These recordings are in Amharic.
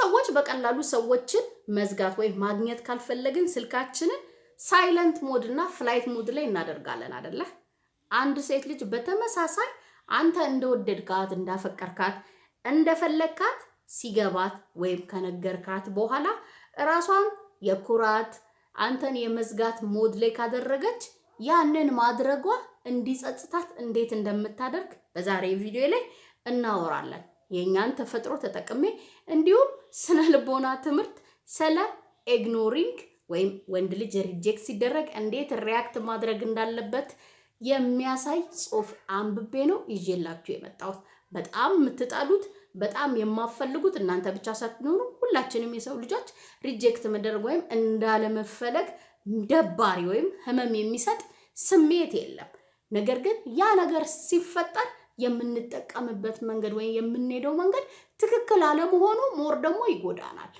ሰዎች በቀላሉ ሰዎችን መዝጋት ወይም ማግኘት ካልፈለግን ስልካችንን ሳይለንት ሞድ እና ፍላይት ሞድ ላይ እናደርጋለን አደለ? አንድ ሴት ልጅ በተመሳሳይ አንተ እንደወደድካት እንዳፈቀርካት እንደፈለግካት ሲገባት ወይም ከነገርካት በኋላ እራሷን የኩራት አንተን የመዝጋት ሞድ ላይ ካደረገች ያንን ማድረጓ እንዲጸጽታት እንዴት እንደምታደርግ በዛሬ ቪዲዮ ላይ እናወራለን። የእኛን ተፈጥሮ ተጠቅሜ እንዲሁም ስነ ልቦና ትምህርት ስለ ኢግኖሪንግ ወይም ወንድ ልጅ ሪጀክት ሲደረግ እንዴት ሪያክት ማድረግ እንዳለበት የሚያሳይ ጽሑፍ አንብቤ ነው ይዤላችሁ የመጣሁት። በጣም የምትጠሉት በጣም የማፈልጉት እናንተ ብቻ ሳትኖሩ ሁላችንም የሰው ልጆች ሪጀክት መደረግ ወይም እንዳለመፈለግ ደባሪ ወይም ህመም የሚሰጥ ስሜት የለም። ነገር ግን ያ ነገር ሲፈጠር የምንጠቀምበት መንገድ ወይም የምንሄደው መንገድ ትክክል አለመሆኑ ሞር ደግሞ ይጎዳናል።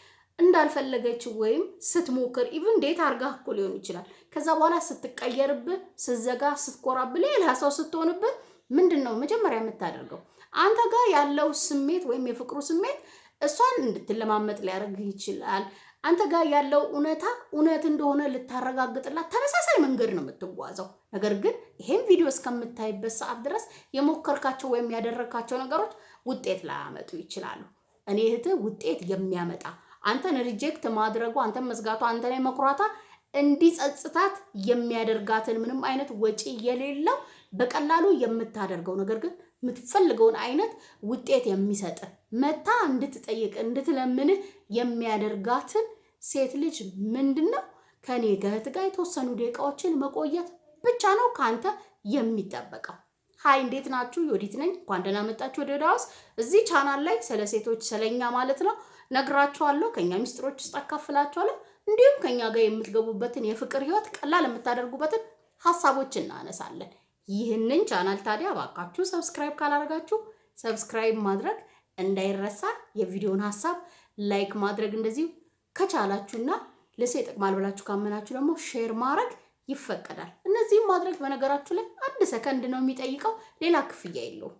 እንዳልፈለገችው ወይም ስትሞክር ኢቭን ዴት አርጋ እኮ ሊሆን ይችላል። ከዛ በኋላ ስትቀየርብህ፣ ስትዘጋ፣ ስትኮራብህ፣ ሌላ ሰው ስትሆንብህ ምንድን ነው መጀመሪያ የምታደርገው? አንተ ጋር ያለው ስሜት ወይም የፍቅሩ ስሜት እሷን እንድትለማመጥ ሊያደርግህ ይችላል። አንተ ጋር ያለው እውነታ እውነት እንደሆነ ልታረጋግጥላት ተመሳሳይ መንገድ ነው የምትጓዘው። ነገር ግን ይሄን ቪዲዮ እስከምታይበት ሰዓት ድረስ የሞከርካቸው ወይም ያደረግካቸው ነገሮች ውጤት ላያመጡ ይችላሉ። እኔ እህት ውጤት የሚያመጣ አንተን ሪጀክት ማድረጉ፣ አንተን መዝጋቷ፣ አንተ ላይ መኩራቷ እንዲጸጽታት የሚያደርጋትን ምንም አይነት ወጪ የሌለው በቀላሉ የምታደርገው ነገር ግን የምትፈልገውን አይነት ውጤት የሚሰጥ መታ እንድትጠይቅ እንድትለምንህ የሚያደርጋትን ሴት ልጅ ምንድን ነው ከኔ ገህት ጋር የተወሰኑ ደቂቃዎችን መቆየት ብቻ ነው ከአንተ የሚጠበቀው። ሀይ እንዴት ናችሁ? ዮዲት ነኝ። እንኳን ደህና መጣችሁ ወደ ዮድ እዚህ ቻናል ላይ ስለ ሴቶች ስለኛ ማለት ነው ነግራችኋለሁ፣ ከኛ ሚስጥሮች ውስጥ አካፍላችኋለሁ። እንዲሁም ከኛ ጋር የምትገቡበትን የፍቅር ህይወት ቀላል የምታደርጉበትን ሀሳቦች እናነሳለን። ይህንን ቻናል ታዲያ ባካችሁ ሰብስክራይብ ካላደረጋችሁ ሰብስክራይብ ማድረግ እንዳይረሳ፣ የቪዲዮን ሀሳብ ላይክ ማድረግ እንደዚሁ ከቻላችሁና ለሴ ይጠቅማል ብላችሁ ካመናችሁ ደግሞ ሼር ማድረግ ይፈቀዳል። እነዚህም ማድረግ በነገራችሁ ላይ አንድ ሰከንድ ነው የሚጠይቀው፣ ሌላ ክፍያ የለውም።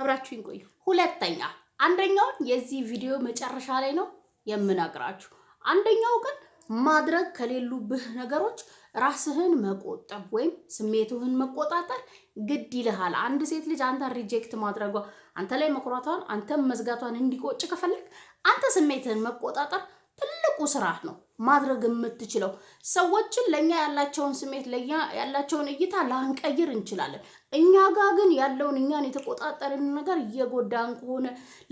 አብራችሁኝ ቆዩ። ሁለተኛ አንደኛውን የዚህ ቪዲዮ መጨረሻ ላይ ነው የምነግራችሁ። አንደኛው ግን ማድረግ ከሌሉብህ ነገሮች ራስህን መቆጠብ ወይም ስሜትህን መቆጣጠር ግድ ይልሃል። አንድ ሴት ልጅ አንተ ሪጀክት ማድረጓ፣ አንተ ላይ መኩራቷን፣ አንተም መዝጋቷን እንዲቆጭ ከፈለግ አንተ ስሜትህን መቆጣጠር ትልቁ ስራህ ነው ማድረግ የምትችለው። ሰዎችን ለእኛ ያላቸውን ስሜት ለእኛ ያላቸውን እይታ ላንቀይር እንችላለን። እኛ ጋ ግን ያለውን እኛን የተቆጣጠርን ነገር እየጎዳን ከሆነ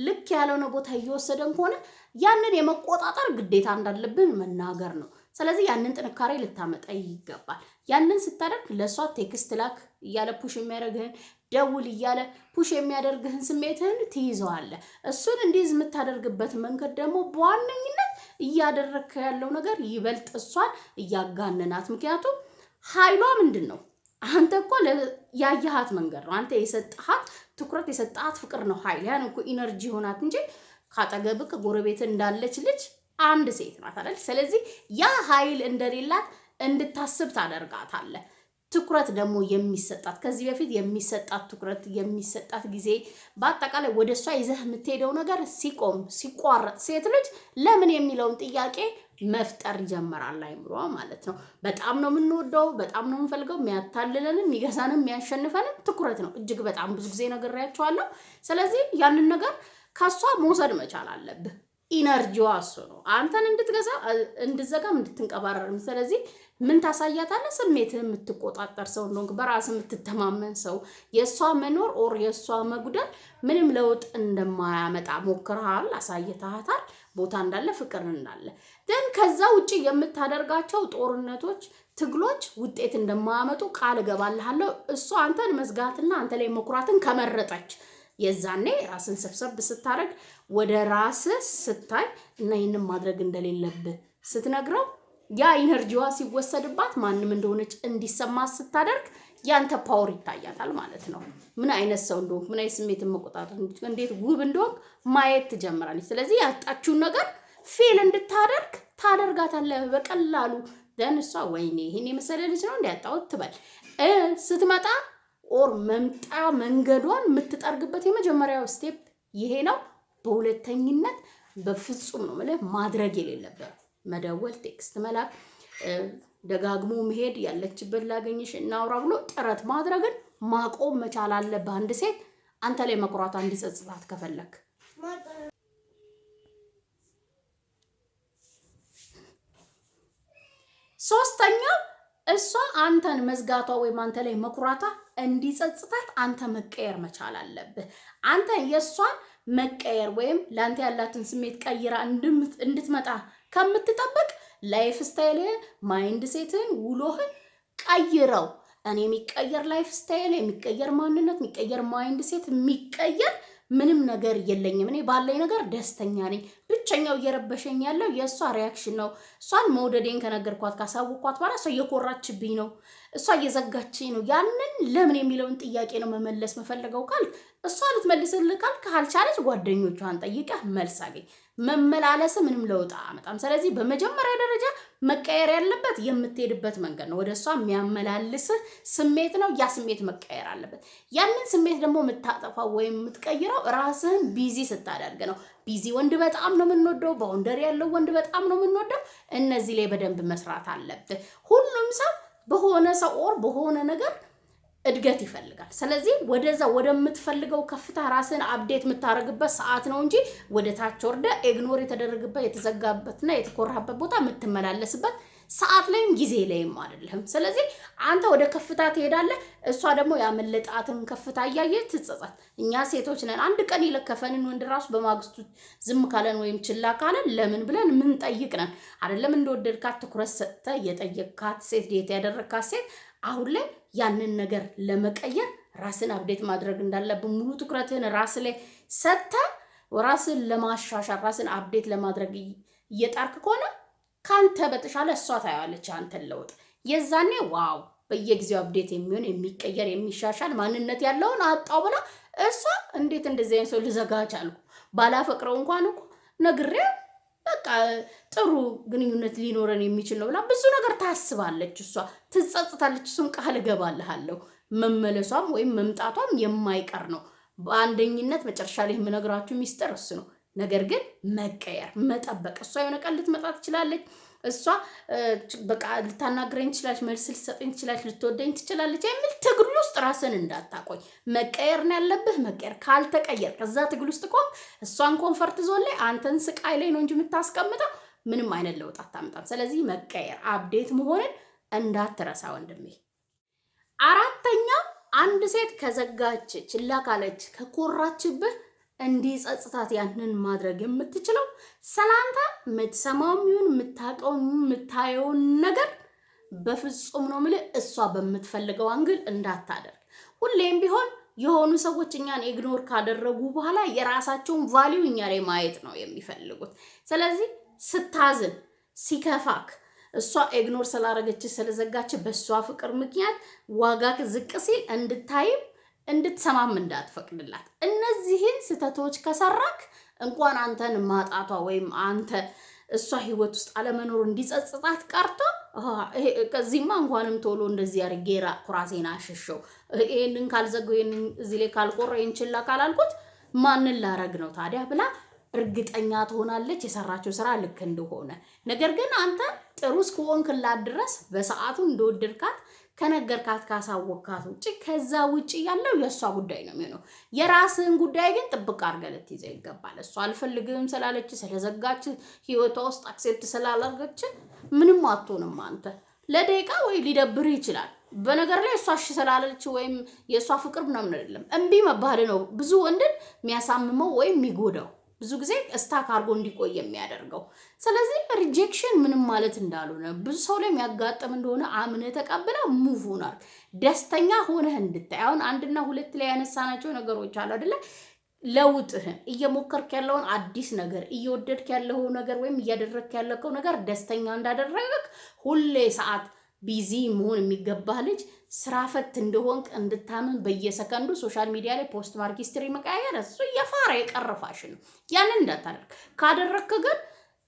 ልክ ያልሆነ ቦታ እየወሰደን ከሆነ ያንን የመቆጣጠር ግዴታ እንዳለብን መናገር ነው። ስለዚህ ያንን ጥንካሬ ልታመጣ ይገባል። ያንን ስታደርግ ለእሷ ቴክስት ላክ እያለ ፑሽ የሚያደርግህን ደውል እያለ ፑሽ የሚያደርግህን ስሜትህን ትይዘዋለህ። እሱን እንዲህ የምታደርግበት መንገድ ደግሞ በዋነኝነት እያደረግከ ያለው ነገር ይበልጥ እሷን እያጋነናት። ምክንያቱም ኃይሏ ምንድን ነው? አንተ እኮ ያየሃት መንገድ ነው። አንተ የሰጠሃት ትኩረት የሰጠሃት ፍቅር ነው ኃይል። ያን እኮ ኢነርጂ ሆናት እንጂ ካጠገብህ ከጎረቤት እንዳለች ልጅ አንድ ሴት ናት አይደል? ስለዚህ ያ ኃይል እንደሌላት እንድታስብ ታደርጋታለህ። ትኩረት ደግሞ የሚሰጣት ከዚህ በፊት የሚሰጣት ትኩረት የሚሰጣት ጊዜ በአጠቃላይ ወደ እሷ ይዘህ የምትሄደው ነገር ሲቆም ሲቋረጥ ሴት ልጅ ለምን የሚለውን ጥያቄ መፍጠር ይጀምራል አይምሮ ማለት ነው። በጣም ነው የምንወደው፣ በጣም ነው የምንፈልገው። የሚያታልለንም የሚገዛንም የሚያሸንፈንም ትኩረት ነው። እጅግ በጣም ብዙ ጊዜ ነግሬያቸዋለሁ። ስለዚህ ያንን ነገር ከእሷ መውሰድ መቻል አለብህ። ኢነርጂዋ እሱ ነው አንተን እንድትገዛ እንድዘጋም እንድትንቀባረርም። ስለዚህ ምን ታሳያታለህ? ስሜትህ የምትቆጣጠር ሰው እንደሆንክ፣ በራስ የምትተማመን ሰው። የእሷ መኖር ኦር የእሷ መጉደል ምንም ለውጥ እንደማያመጣ ሞክርሃል፣ አሳይተሃታል፣ ቦታ እንዳለ ፍቅር እንዳለ ግን ከዛ ውጭ የምታደርጋቸው ጦርነቶች፣ ትግሎች ውጤት እንደማያመጡ ቃል እገባልሃለሁ። እሷ አንተን መዝጋትና አንተ ላይ መኩራትን ከመረጠች የዛኔ ራስን ሰብሰብ ስታደርግ ወደ ራስ ስታይ እና ይህንን ማድረግ እንደሌለብህ ስትነግረው ያ ኢነርጂዋ ሲወሰድባት ማንም እንደሆነች እንዲሰማ ስታደርግ ያንተ ፓወር ይታያታል ማለት ነው። ምን አይነት ሰው እንደሆንክ፣ ምን አይነት ስሜት መቆጣጠር፣ እንዴት ውብ እንደሆንክ ማየት ትጀምራለች። ስለዚህ ያጣችውን ነገር ፌል እንድታደርግ ታደርጋታለህ በቀላሉ። ደን እሷ ወይኔ ይህን የመሰለ ልጅ ነው እንዲያጣው ትበል ስትመጣ ኦር መምጣ መንገዷን የምትጠርግበት የመጀመሪያው ስቴፕ ይሄ ነው። በሁለተኝነት በፍጹም ነው ማለት ማድረግ የሌለበት መደወል፣ ቴክስት መላክ፣ ደጋግሞ መሄድ፣ ያለችበት ላገኝሽ እናውራ ብሎ ጥረት ማድረግን ማቆም መቻል አለብህ። አንድ ሴት አንተ ላይ መኩራቷ እንዲጸጽታት ከፈለክ ሶስተኛው እሷ አንተን መዝጋቷ ወይም አንተ ላይ መኩራቷ እንዲጸጽታት አንተ መቀየር መቻል አለብህ። አንተ የእሷን መቀየር ወይም ለአንተ ያላትን ስሜት ቀይራ እንድትመጣ ከምትጠብቅ ላይፍ ስታይልህን፣ ማይንድ ሴትህን፣ ውሎህን ቀይረው። እኔ የሚቀየር ላይፍ ስታይል፣ የሚቀየር ማንነት፣ የሚቀየር ማይንድ ሴት፣ የሚቀየር ምንም ነገር የለኝም። እኔ ባለኝ ነገር ደስተኛ ነኝ። ብቸኛው እየረበሸኝ ያለው የእሷ ሪያክሽን ነው። እሷን መውደዴን ከነገርኳት ካሳውቅኳት በኋላ እሷ እየኮራችብኝ ነው። እሷ እየዘጋችኝ ነው። ያንን ለምን የሚለውን ጥያቄ ነው መመለስ መፈለገው ካል እሷ ልትመልስልህ ካል ካልቻለች ጓደኞቿን ጠይቀህ መልስ አገኝ። መመላለስ ምንም ለውጥ አመጣም። ስለዚህ በመጀመሪያ ደረጃ መቀየር ያለበት የምትሄድበት መንገድ ነው። ወደ እሷ የሚያመላልስህ ስሜት ነው። ያ ስሜት መቀየር አለበት። ያንን ስሜት ደግሞ የምታጠፋው ወይም የምትቀይረው ራስህን ቢዚ ስታደርግ ነው። ቢዚ ወንድ በጣም ነው የምንወደው። ባውንደሪ ያለው ወንድ በጣም ነው የምንወደው። እነዚህ ላይ በደንብ መስራት አለብህ ሁሉም ሰው በሆነ ሰው ኦር በሆነ ነገር እድገት ይፈልጋል። ስለዚህ ወደዛ ወደምትፈልገው ከፍታ ራስን አፕዴት የምታደርግበት ሰዓት ነው እንጂ ወደ ታች ወርደ ኢግኖር የተደረግበት የተዘጋበትና የተኮራበት ቦታ የምትመላለስበት ሰዓት ላይም ጊዜ ላይም አይደለም። ስለዚህ አንተ ወደ ከፍታ ትሄዳለህ፣ እሷ ደግሞ ያመለጣትን ከፍታ እያየ ትጸጸት። እኛ ሴቶች ነን አንድ ቀን የለከፈንን ወንድ ራሱ በማግስቱ ዝም ካለን ወይም ችላ ካለን ለምን ብለን ምንጠይቅ ነን። አይደለም እንደወደድካት ትኩረት ሰጥተህ የጠየቅካት ሴት ዴት ያደረግካት ሴት አሁን ላይ ያንን ነገር ለመቀየር ራስን አብዴት ማድረግ እንዳለብን ሙሉ ትኩረትህን ራስ ላይ ሰጥተ ራስን ለማሻሻል ራስን አብዴት ለማድረግ እየጣርክ ከሆነ ከአንተ በተሻለ እሷ ታየዋለች አንተን ለውጥ። የዛኔ ዋው በየጊዜው አብዴት የሚሆን የሚቀየር የሚሻሻል ማንነት ያለውን አጣው ብላ እሷ እንዴት እንደዚህ አይነት ሰው ልዘጋ አልኩ። ባላፈቅረው እንኳን እኮ ነግሬ በቃ ጥሩ ግንኙነት ሊኖረን የሚችል ነው ብላ ብዙ ነገር ታስባለች። እሷ ትጸጽታለች። እሱም ቃል እገባልሃለሁ መመለሷም ወይም መምጣቷም የማይቀር ነው። በአንደኝነት መጨረሻ ላይ የምነግራችሁ ሚስጥር እሱ ነው። ነገር ግን መቀየር መጠበቅ። እሷ የሆነ ቀን ልትመጣ ትችላለች። እሷ በቃ ልታናግረኝ ትችላለች፣ መልስ ልትሰጠኝ ትችላለች፣ ልትወደኝ ትችላለች የሚል ትግል ውስጥ ራስን እንዳታቆይ መቀየር ነው ያለብህ። መቀየር ካልተቀየር ከዛ ትግል ውስጥ ቆም። እሷን ኮንፈርት ዞን ላይ አንተን ስቃይ ላይ ነው እንጂ የምታስቀምጠው ምንም አይነት ለውጥ አታምጣም። ስለዚህ መቀየር አብዴት መሆንን እንዳትረሳ ወንድሜ። አራተኛ አንድ ሴት ከዘጋች፣ ችላ ካለች፣ ከኮራችብህ እንዲጸጽታት ያንን ማድረግ የምትችለው ሰላምታ የምትሰማውም ይሁን የምታውቀውም የምታየውን ነገር በፍጹም ነው የምልህ፣ እሷ በምትፈልገው አንግል እንዳታደርግ። ሁሌም ቢሆን የሆኑ ሰዎች እኛን ኢግኖር ካደረጉ በኋላ የራሳቸውን ቫሊዩ እኛ ላይ ማየት ነው የሚፈልጉት። ስለዚህ ስታዝን፣ ሲከፋክ እሷ ኢግኖር ስላደረገች ስለዘጋች በእሷ ፍቅር ምክንያት ዋጋ ዝቅ ሲል እንድታይም እንድትሰማም እንዳትፈቅድላት። እነዚህን ስህተቶች ከሰራክ እንኳን አንተን ማጣቷ ወይም አንተ እሷ ህይወት ውስጥ አለመኖር እንዲጸጽጣት ቀርቶ ከዚህማ እንኳንም ቶሎ እንደዚህ አድርጌ ኩራሴን አሸሸው፣ ይህንን ካልዘገው፣ ይህንን እዚህ ላይ ካልቆረ፣ ይህን ችላ ካላልኩት ማንን ላረግ ነው ታዲያ ብላ እርግጠኛ ትሆናለች የሰራችው ስራ ልክ እንደሆነ። ነገር ግን አንተ ጥሩ እስከሆንክላት ድረስ በሰዓቱ እንደወደድካት ከነገርካት ካሳወቅካት ውጭ ከዛ ውጭ ያለው የእሷ ጉዳይ ነው የሚሆነው። የራስህን ጉዳይ ግን ጥብቅ አድርገህ ልትይዘው ይገባል። እሷ አልፈልግህም ስላለች ስለዘጋች፣ ህይወቷ ውስጥ አክሴፕት ስላላረገች ምንም አትሆንም። አንተ ለደቂቃ ወይ ሊደብርህ ይችላል። በነገር ላይ እሷ እሺ ስላለች ወይም የእሷ ፍቅር ምናምን አይደለም እምቢ መባል ነው ብዙ ወንድን የሚያሳምመው ወይም የሚጎዳው። ብዙ ጊዜ እስታክ አድርጎ እንዲቆይ የሚያደርገው። ስለዚህ ሪጀክሽን ምንም ማለት እንዳልሆነ ብዙ ሰው ላይ የሚያጋጥም እንደሆነ አምነ ተቀብለ ሙቭ ሆኗል ደስተኛ ሆነህ እንድታይ። አሁን አንድና ሁለት ላይ ያነሳናቸው ነገሮች አሉ አደለ? ለውጥህን እየሞከርክ ያለውን አዲስ ነገር እየወደድክ ያለው ነገር ወይም እያደረግክ ያለከው ነገር ደስተኛ እንዳደረግክ ሁሌ ሰዓት ቢዚ መሆን የሚገባህ ልጅ ስራ ፈት እንደሆንክ እንድታምን በየሰከንዱ ሶሻል ሚዲያ ላይ ፖስት ማርክ ሂስትሪ መቀያየር እሱ የፋራ የቀረ ፋሽን ነው። ያንን እንዳታደርግ ካደረግክ ግን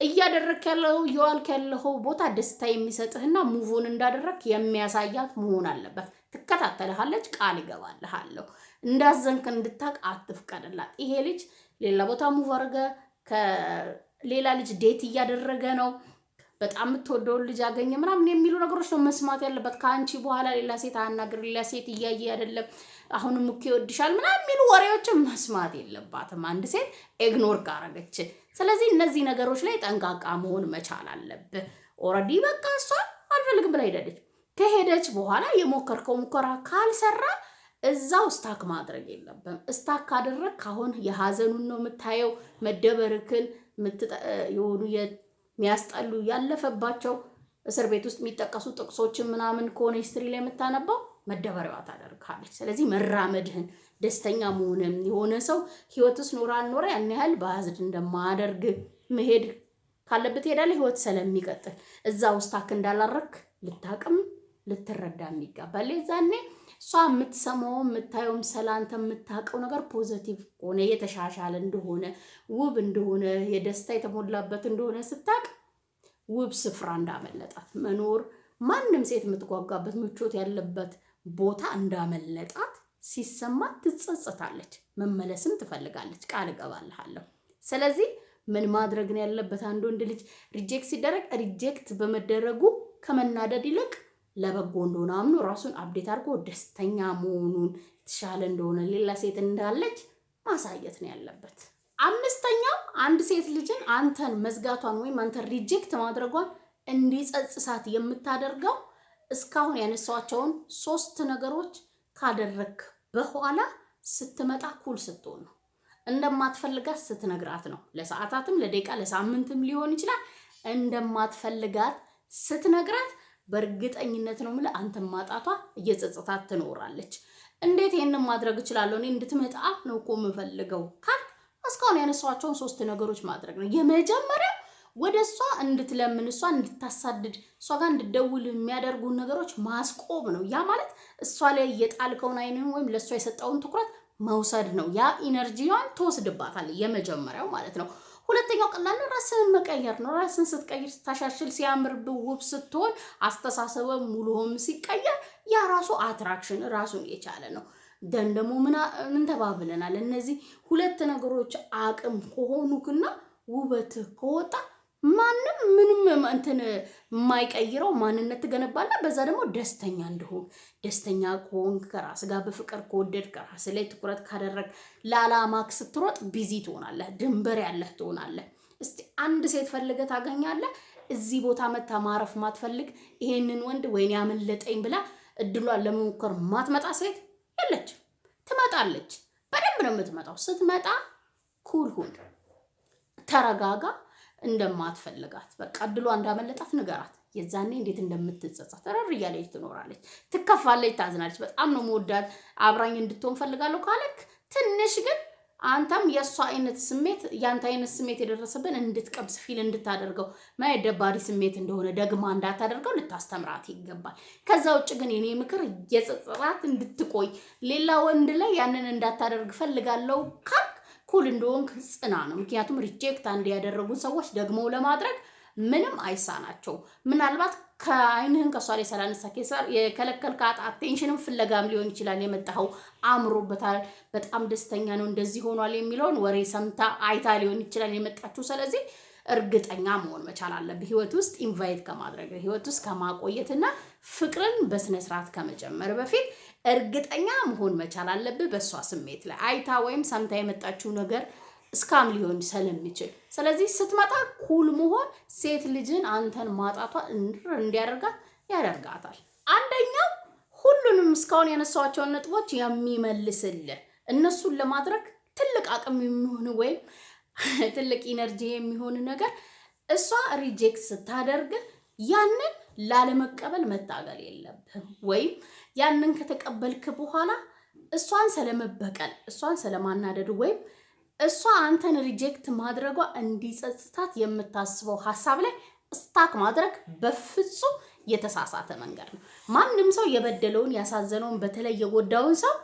እያደረክ ያለው የዋልክ ያለው ቦታ ደስታ የሚሰጥህና ሙቮን እንዳደረግ የሚያሳያት መሆን አለበት። ትከታተልሃለች፣ ቃል ይገባልሃለሁ። እንዳዘንክ እንድታቅ አትፍቀድላት። ይሄ ልጅ ሌላ ቦታ ሙቭ አድርገህ ከሌላ ልጅ ዴት እያደረገ ነው በጣም የምትወደውን ልጅ አገኘ ምናምን የሚሉ ነገሮች ነው መስማት ያለበት። ከአንቺ በኋላ ሌላ ሴት አናግር፣ ሌላ ሴት እያየ አይደለም አሁንም እኮ ይወድሻል ምናምን የሚሉ ወሬዎችን መስማት የለባትም አንድ ሴት ኤግኖር ካረገች። ስለዚህ እነዚህ ነገሮች ላይ ጠንቃቃ መሆን መቻል አለብህ። ኦልሬዲ በቃ እሷ አልፈልግም ብላ ሄደች። ከሄደች በኋላ የሞከርከው ሙከራ ካልሰራ እዛው ስታክ ማድረግ የለብም። እስታክ ካደረግ ካሁን የሀዘኑን ነው የምታየው መደበርክን የሆኑ የሚያስጠሉ ያለፈባቸው እስር ቤት ውስጥ የሚጠቀሱ ጥቅሶችን ምናምን ከሆነ ሂስትሪ ላይ የምታነባው መደበሪያዋ ታደርግሃለች። ስለዚህ መራመድህን ደስተኛ መሆንን የሆነ ሰው ህይወት ውስጥ ኖረ አልኖረ ያን ያህል በአዝድ እንደማያደርግ መሄድ ካለበት ሄዳለ ህይወት ስለሚቀጥል እዛ ውስጥ ውስታክ እንዳላረክ ልታቅም ልትረዳ የሚገባል። ለዛኔ እሷ የምትሰማው የምታየውም ሰላንተ የምታውቀው ነገር ፖዘቲቭ ሆነ የተሻሻለ እንደሆነ ውብ እንደሆነ የደስታ የተሞላበት እንደሆነ ስታቅ ውብ ስፍራ እንዳመለጣት መኖር ማንም ሴት የምትጓጓበት ምቾት ያለበት ቦታ እንዳመለጣት ሲሰማት ትጸጸታለች፣ መመለስም ትፈልጋለች። ቃል እገባልሃለሁ። ስለዚህ ምን ማድረግን ያለበት? አንድ ወንድ ልጅ ሪጀክት ሲደረግ ሪጀክት በመደረጉ ከመናደድ ይልቅ ለበጎ እንደሆነ አምኖ ራሱን አብዴት አድርጎ ደስተኛ መሆኑን የተሻለ እንደሆነ ሌላ ሴት እንዳለች ማሳየት ነው ያለበት። አምስተኛው አንድ ሴት ልጅን አንተን መዝጋቷን ወይም አንተን ሪጀክት ማድረጓን እንዲጸጽሳት የምታደርገው እስካሁን ያነሷቸውን ሶስት ነገሮች ካደረግክ በኋላ ስትመጣ ኩል ስትሆን ነው። እንደማትፈልጋት ስትነግራት ነው። ለሰዓታትም፣ ለደቂቃ፣ ለሳምንትም ሊሆን ይችላል። እንደማትፈልጋት ስትነግራት በእርግጠኝነት ነው የምልህ አንተን ማጣቷ እየጸጸታት ትኖራለች። እንዴት ይህንን ማድረግ እችላለሁ እኔ እንድትመጣ ነው እኮ የምፈልገው ካል እስካሁን ያነሷቸውን ሶስት ነገሮች ማድረግ ነው። የመጀመሪያ ወደ እሷ እንድትለምን እሷ እንድታሳድድ እሷ ጋር እንድደውል የሚያደርጉን ነገሮች ማስቆም ነው። ያ ማለት እሷ ላይ የጣልከውን አይንን ወይም ለእሷ የሰጠውን ትኩረት መውሰድ ነው። ያ ኢነርጂዋን ትወስድባታል፣ የመጀመሪያው ማለት ነው። ሁለተኛው ቀላል ነው፣ ራስህን መቀየር ነው። ራስን ስትቀይር ስታሻሽል፣ ሲያምርብ፣ ውብ ስትሆን፣ አስተሳሰበ ሙሉህም ሲቀየር ያ ራሱ አትራክሽን ራሱን የቻለ ነው። ደን ደግሞ ምን ተባብለናል? እነዚህ ሁለት ነገሮች አቅም ከሆኑክና ውበትህ ከወጣ ማንም ምንም እንትን የማይቀይረው ማንነት ትገነባለ በዛ ደግሞ ደስተኛ እንድሆን ደስተኛ ከሆን ከራስ ጋር በፍቅር ከወደድ ከራስ ላይ ትኩረት ካደረግ ለአላማክ ስትሮጥ ቢዚ ትሆናለህ፣ ድንበር ያለህ ትሆናለህ። እስቲ አንድ ሴት ፈልገህ ታገኛለህ። እዚህ ቦታ መታ ማረፍ ማትፈልግ ይሄንን ወንድ ወይኔ ያመለጠኝ ብላ እድሏን ለመሞከር ማትመጣ ሴት የለች። ትመጣለች፣ በደንብ ነው የምትመጣው። ስትመጣ ኩል ሁን፣ ተረጋጋ። እንደማትፈልጋት በቃ እድሏ እንዳመለጣት ንገራት። የዛኔ እንዴት እንደምትጸጸት ረር እያለች ትኖራለች፣ ትከፋለች፣ ታዝናለች። በጣም ነው መወዳት አብራኝ እንድትሆን ፈልጋለሁ ካለክ ትንሽ ግን አንተም የእሷ አይነት ስሜት የአንተ አይነት ስሜት የደረሰብን እንድትቀብስ ፊል እንድታደርገው ማየት ደባሪ ስሜት እንደሆነ ደግማ እንዳታደርገው ልታስተምራት ይገባል። ከዛ ውጭ ግን የኔ ምክር የጸጸራት እንድትቆይ ሌላ ወንድ ላይ ያንን እንዳታደርግ ፈልጋለሁ ካል ኩል እንደሆንክ ጽና ነው። ምክንያቱም ሪጀክት አንድ ያደረጉን ሰዎች ደግሞ ለማድረግ ምንም አይሳናቸው። ምናልባት ከአይንህን ከእሷ ላይ ሳላነሳ ኬሳር የከለከልካት አቴንሽንም ፍለጋም ሊሆን ይችላል። የመጣኸው አምሮበታል፣ በጣም ደስተኛ ነው፣ እንደዚህ ሆኗል የሚለውን ወሬ ሰምታ አይታ ሊሆን ይችላል የመጣችው። ስለዚህ እርግጠኛ መሆን መቻል አለብህ። ህይወት ውስጥ ኢንቫይት ከማድረግ ህይወት ውስጥ ከማቆየትና ፍቅርን በስነስርዓት ከመጀመር በፊት እርግጠኛ መሆን መቻል አለብህ በእሷ ስሜት ላይ አይታ ወይም ሰምታ የመጣችው ነገር እስካም ሊሆን ስለሚችል ስለዚህ ስትመጣ ኩል መሆን ሴት ልጅን አንተን ማጣቷ እንዲያደርጋት ያደርጋታል። አንደኛው ሁሉንም እስካሁን ያነሳኋቸውን ነጥቦች የሚመልስልህ እነሱን ለማድረግ ትልቅ አቅም የሚሆን ወይም ትልቅ ኢነርጂ የሚሆን ነገር እሷ ሪጀክት ስታደርግ ያንን ላለመቀበል መታገል የለብህም ወይም ያንን ከተቀበልክ በኋላ እሷን ስለመበቀል እሷን ስለማናደድ ወይም እሷ አንተን ሪጀክት ማድረጓ እንዲጸጽታት የምታስበው ሀሳብ ላይ ስታክ ማድረግ በፍጹም የተሳሳተ መንገድ ነው። ማንም ሰው የበደለውን ያሳዘነውን፣ በተለይ የጎዳውን ሰው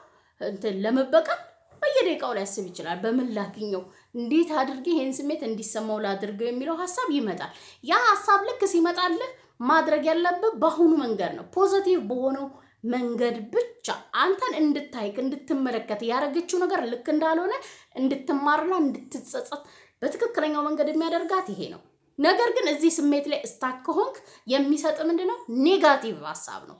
እንትን ለመበቀል በየደቂቃው ሊያስብ ይችላል። በምን ላግኘው፣ እንዴት አድርጌ ይህን ስሜት እንዲሰማው ላድርገው የሚለው ሀሳብ ይመጣል። ያ ሀሳብ ልክ ሲመጣልህ ማድረግ ያለብህ በአሁኑ መንገድ ነው፣ ፖዘቲቭ በሆነው መንገድ ብቻ አንተን እንድታይክ እንድትመለከት ያደረገችው ነገር ልክ እንዳልሆነ እንድትማርና እንድትጸጸት በትክክለኛው መንገድ የሚያደርጋት ይሄ ነው። ነገር ግን እዚህ ስሜት ላይ እስታክ ከሆንክ የሚሰጥ ምንድን ነው? ኔጋቲቭ ሀሳብ ነው።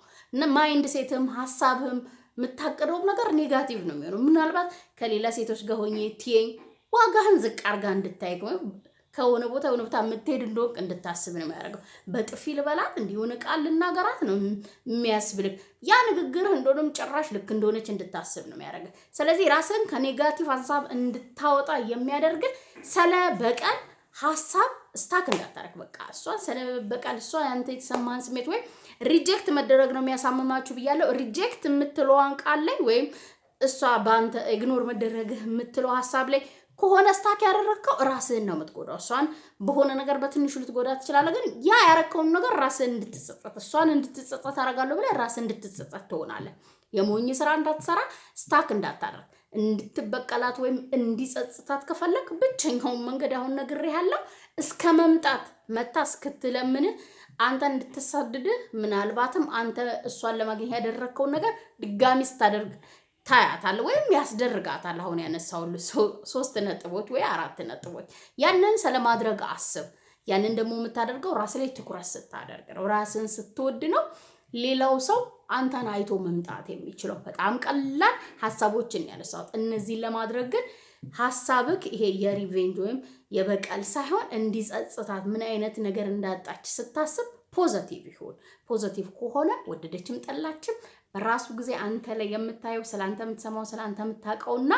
ማይንድ ሴትም ሀሳብህም የምታቀደውም ነገር ኔጋቲቭ ነው የሚሆነው። ምናልባት ከሌላ ሴቶች ጋር ሆኜ ትየኝ ዋጋህን ዝቅ አርጋ ወይም ከሆነ ቦታ የሆነ ቦታ የምትሄድ እንደወቅ እንድታስብ ነው የሚያደርገው። በጥፊ ልበላት እንዲሆን ቃል ልናገራት ነው የሚያስብልክ። ያ ንግግርህ እንደሆነም ጭራሽ ልክ እንደሆነች እንድታስብ ነው የሚያደርገ። ስለዚህ ራስን ከኔጋቲቭ ሀሳብ እንድታወጣ የሚያደርግ ስለ በቀል ሀሳብ ስታክ እንዳታረግ። በቃ እሷ ስለ በቀል እሷ ያንተ የተሰማን ስሜት ወይም ሪጀክት መደረግ ነው የሚያሳምማችሁ ብያለሁ። ሪጀክት የምትለዋን ቃል ላይ ወይም እሷ በአንተ ኢግኖር መደረግህ የምትለው ሀሳብ ላይ ከሆነ ስታክ ያደረግከው ራስህን ነው የምትጎዳው። እሷን በሆነ ነገር በትንሹ ልትጎዳ ትችላለህ፣ ግን ያ ያረግከውን ነገር ራስህን እንድትጸጸት እሷን እንድትጸጸት አደርጋለሁ ብለህ ራስህን እንድትጸጸት ትሆናለህ። የሞኝ ስራ እንዳትሰራ ስታክ እንዳታደርግ እንድትበቀላት ወይም እንዲጸጽታት ከፈለግ ብቸኛውን መንገድ አሁን ነግሬሃለሁ፣ እስከ መምጣት መታ እስክትለምን አንተ እንድትሳድድህ ምናልባትም አንተ እሷን ለማግኘት ያደረግከውን ነገር ድጋሚ ስታደርግ ታያታል ወይም ያስደርጋታል። አሁን ያነሳውል ሶስት ነጥቦች ወይ አራት ነጥቦች ያንን ስለማድረግ አስብ። ያንን ደግሞ የምታደርገው ራስ ላይ ትኩረት ስታደርግ ነው፣ ራስን ስትወድ ነው። ሌላው ሰው አንተን አይቶ መምጣት የሚችለው በጣም ቀላል ሀሳቦችን ያነሳት። እነዚህን ለማድረግ ግን ሀሳብክ ይሄ የሪቬንጅ ወይም የበቀል ሳይሆን እንዲጸጽታት ምን አይነት ነገር እንዳጣች ስታስብ ፖዘቲቭ ይሁን። ፖዘቲቭ ከሆነ ወደደችም ጠላችም በራሱ ጊዜ አንተ ላይ የምታየው ስለ አንተ የምትሰማው ስለ አንተ የምታውቀውና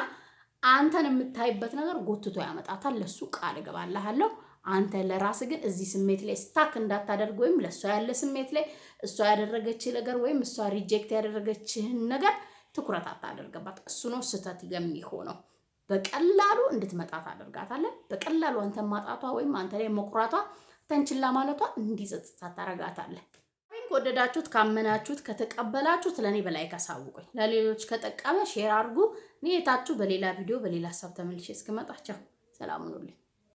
አንተን የምታይበት ነገር ጎትቶ ያመጣታል። ለሱ ቃል እገባልሃለሁ። አንተ ለራስ ግን እዚህ ስሜት ላይ ስታክ እንዳታደርግ ወይም ለእሷ ያለ ስሜት ላይ እሷ ያደረገች ነገር ወይም እሷ ሪጀክት ያደረገችህን ነገር ትኩረት አታደርገባት። እሱ ነው ስህተት የሚሆነው። በቀላሉ እንድትመጣት አደርጋታለን። በቀላሉ አንተ ማጣቷ ወይም አንተ ላይ መኩራቷ ተንችላ ማለቷ እንዲጸጽት ታደርጋታለህ። ከወደዳችሁት፣ ካመናችሁት፣ ከተቀበላችሁት ለእኔ በላይ ካሳውቁኝ፣ ለሌሎች ከጠቀመ ሼር አድርጉ። እኔ የታችሁ በሌላ ቪዲዮ በሌላ ሀሳብ ተመልሼ እስክመጣቸው ሰላም ሁኑልኝ።